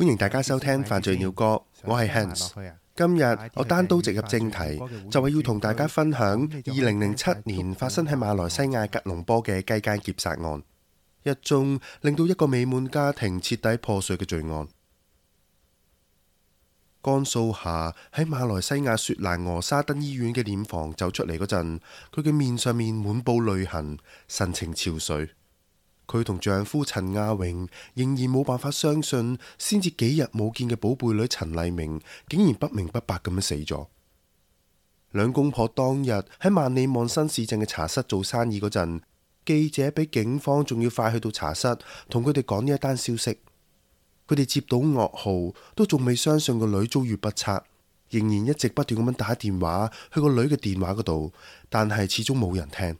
歡迎大家收聽《犯罪鳥歌》，我係 Hans，今日我單刀直入正題，就係、是、要同大家分享二零零七年發生喺馬來西亞吉隆坡嘅雞姦劫殺案，一宗令到一個美滿家庭徹底破碎嘅罪案。江素霞喺馬來西亞雪蘭莪沙登醫院嘅殮房走出嚟嗰陣，佢嘅面上面滿布淚痕，神情憔悴。佢同丈夫陳亞榮仍然冇辦法相信，先至幾日冇見嘅寶貝女陳麗明竟然不明不白咁樣死咗。兩公婆當日喺萬里望新市鎮嘅茶室做生意嗰陣，記者比警方仲要快去到茶室，同佢哋講呢一單消息。佢哋接到噩耗，都仲未相信個女遭遇不測，仍然一直不斷咁樣打電話去個女嘅電話嗰度，但係始終冇人聽。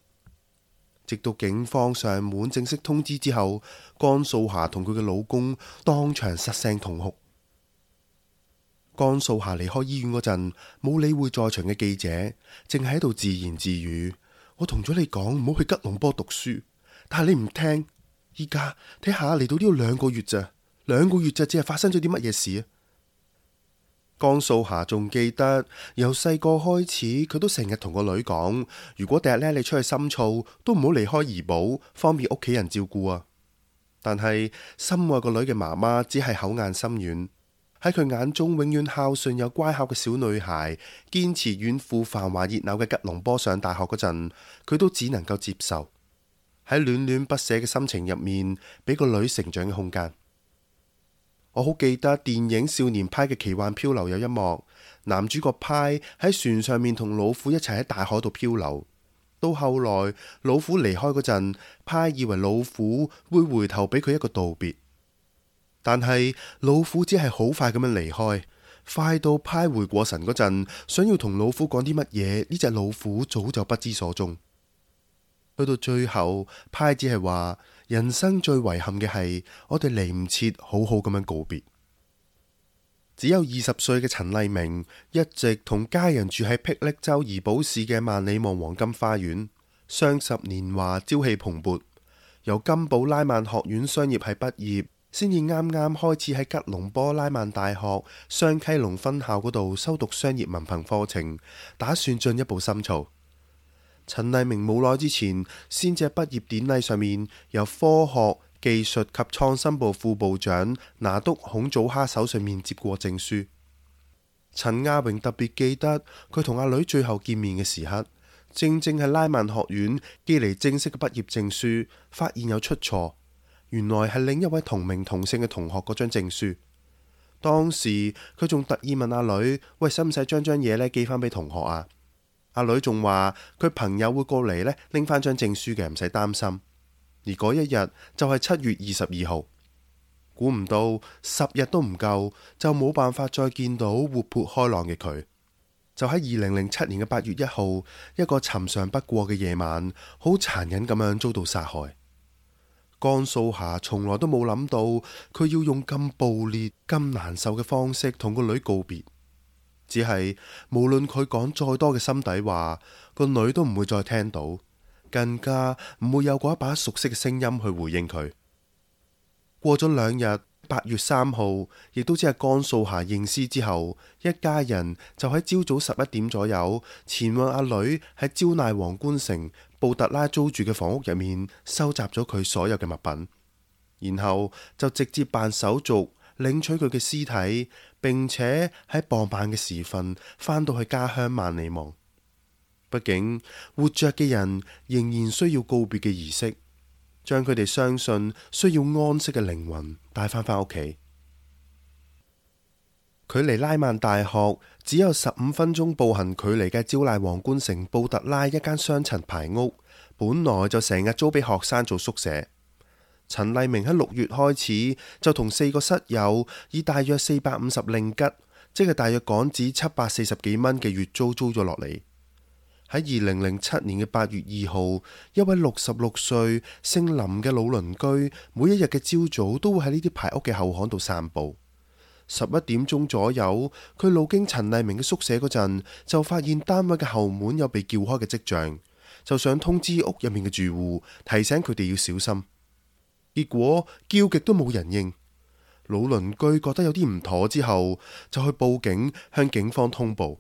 直到警方上門正式通知之後，江素霞同佢嘅老公當場失聲痛哭。江素霞離開醫院嗰陣，冇理會在場嘅記者，淨係喺度自言自語：我同咗你講唔好去吉隆坡讀書，但係你唔聽。依家睇下嚟到呢度兩個月咋，兩個月咋，只係發生咗啲乜嘢事啊？江素霞仲記得，由細個開始，佢都成日同個女講：如果第日咧你出去深造，都唔好離開怡保，方便屋企人照顧啊！但係深愛個女嘅媽媽，只係口硬心軟，喺佢眼中永遠孝順又乖巧嘅小女孩，堅持遠赴繁華熱鬧嘅吉隆坡上大學嗰陣，佢都只能夠接受，喺戀戀不捨嘅心情入面，俾個女成長嘅空間。我好記得電影《少年派》嘅奇幻漂流有一幕，男主角派喺船上面同老虎一齊喺大海度漂流。到後來老虎離開嗰陣，派以為老虎會回頭俾佢一個道別，但係老虎只係好快咁樣離開，快到派回過神嗰陣，想要同老虎講啲乜嘢，呢隻老虎早就不知所蹤。去到最後，派只係話。人生最遺憾嘅係，我哋嚟唔切，好好咁樣告別。只有二十歲嘅陳麗明，一直同家人住喺霹靂州怡保市嘅萬里望黃金花園，雙十年華，朝氣蓬勃。由金寶拉曼學院商業系畢業，先至啱啱開始喺吉隆坡拉曼大學雙溪龍分校嗰度修讀商業文憑課程，打算進一步深造。陳麗明冇耐之前，先至喺畢業典禮上面，由科學技術及創新部副部長拿督孔祖哈手上面接過證書。陳亞榮特別記得佢同阿女最後見面嘅時刻，正正係拉曼學院寄嚟正式嘅畢業證書，發現有出錯，原來係另一位同名同姓嘅同學嗰張證書。當時佢仲特意問阿女：「喂，使唔使將張嘢呢寄翻俾同學啊？阿女仲話佢朋友會過嚟咧，拎翻張證書嘅，唔使擔心。而嗰一日就係七月二十二號，估唔到十日都唔夠，就冇辦法再見到活潑開朗嘅佢。就喺二零零七年嘅八月一號，一個尋常不過嘅夜晚，好殘忍咁樣遭到殺害。江素霞從來都冇諗到，佢要用咁暴烈、咁難受嘅方式同個女告別。只係無論佢講再多嘅心底話，個女都唔會再聽到，更加唔會有嗰一把熟悉嘅聲音去回應佢。過咗兩日，八月三號，亦都只係江素霞認屍之後，一家人就喺朝早十一點左右前往阿女喺招奈皇冠城布特拉租住嘅房屋入面收集咗佢所有嘅物品，然後就直接辦手續。領取佢嘅屍體，並且喺傍晚嘅時分返到去家鄉萬里望。畢竟活著嘅人仍然需要告別嘅儀式，將佢哋相信需要安息嘅靈魂帶返返屋企。距離拉曼大學只有十五分鐘步行距離嘅招納皇冠城布特拉一間雙層排屋，本來就成日租俾學生做宿舍。陳麗明喺六月開始就同四個室友以大約四百五十令吉，即係大約港紙七百四十幾蚊嘅月租租咗落嚟。喺二零零七年嘅八月二號，一位六十六歲姓林嘅老鄰居，每一日嘅朝早都會喺呢啲排屋嘅後巷度散步。十一點鐘左右，佢路經陳麗明嘅宿舍嗰陣，就發現單位嘅後門有被撬開嘅跡象，就想通知屋入面嘅住戶，提醒佢哋要小心。結果叫極都冇人應，老鄰居覺得有啲唔妥之後就去報警向警方通報，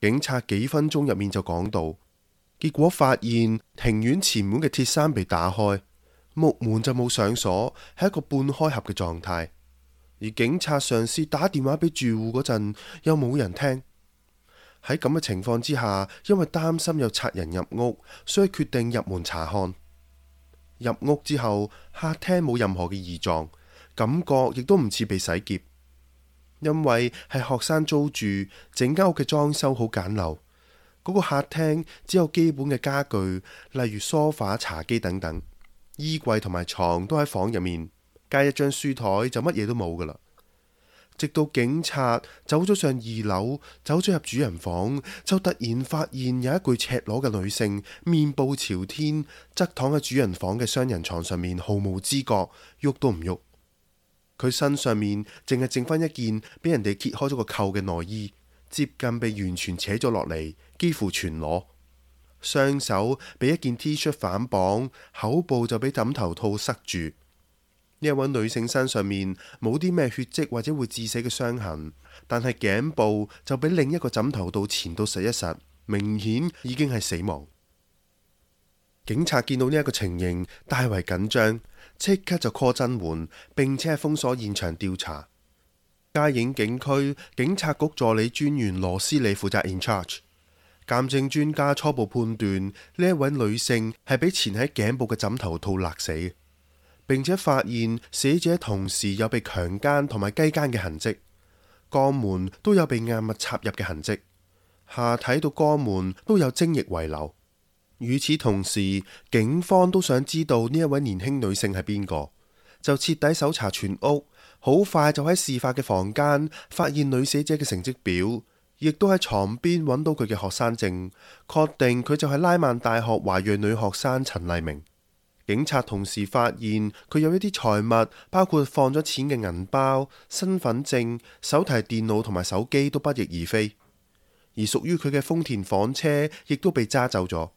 警察幾分鐘入面就講到，結果發現庭院前門嘅鐵閂被打開，木門就冇上鎖，喺一個半開合嘅狀態，而警察嘗試打電話俾住戶嗰陣又冇人聽，喺咁嘅情況之下，因為擔心有賊人入屋，所以決定入門查看。入屋之後，客廳冇任何嘅異狀，感覺亦都唔似被洗劫，因為係學生租住，整間屋嘅裝修好簡陋。嗰個客廳只有基本嘅家具，例如梳化、茶几等等，衣櫃同埋床都喺房入面，加一張書枱就乜嘢都冇噶啦。直到警察走咗上二樓，走咗入主人房，就突然發現有一具赤裸嘅女性，面部朝天，側躺喺主人房嘅雙人床上面，毫無知覺，喐都唔喐。佢身上面淨係剩翻一件俾人哋揭開咗個扣嘅內衣，接近被完全扯咗落嚟，幾乎全裸。雙手俾一件 T 恤反綁，口部就俾枕頭套塞住。呢一位女性身上面冇啲咩血跡或者會致死嘅傷痕，但係頸部就俾另一個枕頭套纏到實一實，明顯已經係死亡。警察見到呢一個情形，大為緊張，即刻就 call 增援，並且係封鎖現場調查。加影警區警察局助理專員羅斯里負責 in charge。鑑證專家初步判斷，呢一位女性係俾纏喺頸部嘅枕頭套勒死。並且發現死者同時有被強姦同埋雞姦嘅痕跡，肛門都有被硬物插入嘅痕跡，下體到肛門都有精液遺留。與此同時，警方都想知道呢一位年輕女性係邊個，就徹底搜查全屋，好快就喺事發嘅房間發現女死者嘅成績表，亦都喺床邊揾到佢嘅學生證，確定佢就係拉曼大學華裔女學生陳麗明。警察同時發現佢有一啲財物，包括放咗錢嘅銀包、身份證、手提電腦同埋手機都不翼而飛，而屬於佢嘅豐田房車亦都被揸走咗，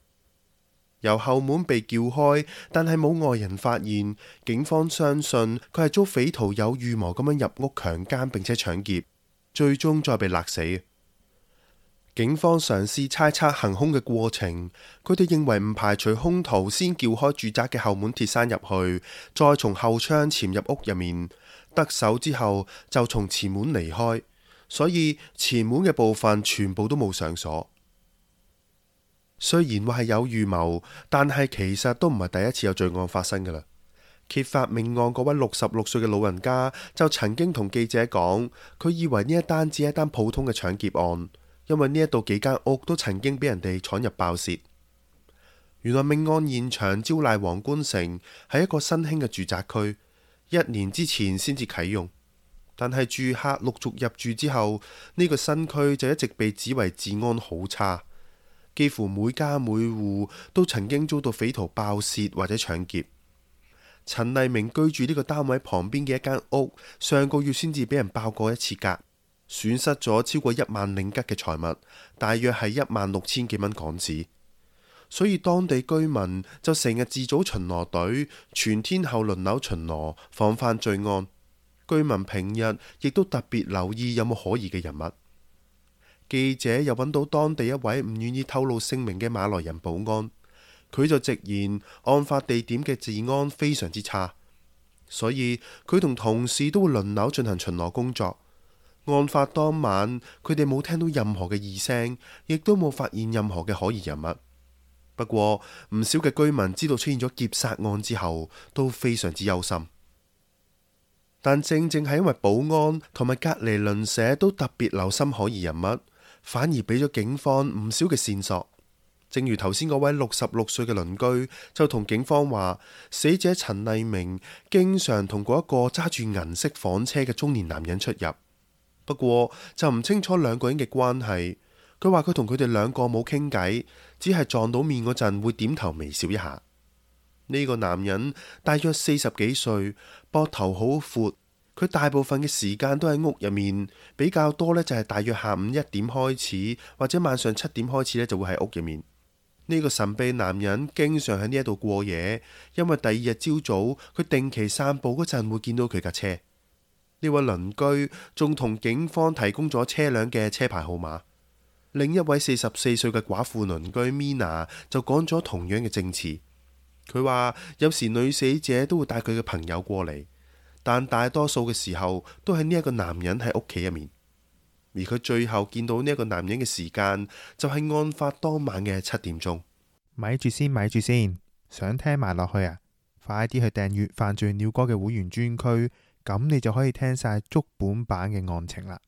由後門被撬開，但係冇外人發現。警方相信佢係遭匪徒有預謀咁樣入屋強姦並且搶劫，最終再被勒死。警方嘗試猜測行凶嘅過程，佢哋認為唔排除凶徒先撬開住宅嘅後門，鐵閂入去，再從後窗潛入屋入面得手之後就從前門離開，所以前門嘅部分全部都冇上鎖。雖然話係有預謀，但係其實都唔係第一次有罪案發生㗎喇。揭發命案嗰位六十六歲嘅老人家就曾經同記者講，佢以為呢一單只係一單普通嘅搶劫案。因為呢一度幾間屋都曾經俾人哋闖入爆竊，原來命案現場招賴皇冠城係一個新興嘅住宅區，一年之前先至啟用，但係住客陸續入住之後，呢個新區就一直被指為治安好差，幾乎每家每戶都曾經遭到匪徒爆竊或者搶劫。陳麗明居住呢個單位旁邊嘅一間屋，上個月先至俾人爆過一次格，損失咗超過一萬令吉嘅財物，大約係一萬六千幾蚊港紙。所以當地居民就成日自組巡邏隊，全天候輪流巡邏，防範罪案。居民平日亦都特別留意有冇可疑嘅人物。記者又揾到當地一位唔願意透露姓名嘅馬來人保安，佢就直言案發地點嘅治安非常之差，所以佢同同事都會輪流進行巡邏工作。案發當晚，佢哋冇聽到任何嘅異聲，亦都冇發現任何嘅可疑人物。不過，唔少嘅居民知道出現咗劫殺案之後都非常之憂心。但正正係因為保安同埋隔籬鄰舍都特別留心可疑人物，反而俾咗警方唔少嘅線索。正如頭先嗰位六十六歲嘅鄰居就同警方話，死者陳麗明經常同過一個揸住銀色房車嘅中年男人出入。不過就唔清楚兩個人嘅關係。佢話佢同佢哋兩個冇傾偈，只係撞到面嗰陣會點頭微笑一下。呢個男人大約四十幾歲，膊頭好闊。佢大部分嘅時間都喺屋入面，比較多呢就係大約下午一點開始，或者晚上七點開始呢就會喺屋入面。呢個神秘男人經常喺呢一度過夜，因為第二日朝早佢定期散步嗰陣會見到佢架車。呢位鄰居仲同警方提供咗車輛嘅車牌號碼。另一位四十四歲嘅寡婦鄰居 Mina 就講咗同樣嘅證詞。佢話有時女死者都會帶佢嘅朋友過嚟，但大多數嘅時候都係呢一個男人喺屋企入面。而佢最後見到呢一個男人嘅時間就係案發當晚嘅七點鐘。咪住先，咪住先，想聽埋落去啊！快啲去訂閱《犯罪鳥歌》嘅會員專區。咁你就可以聽曬足本版嘅案情啦。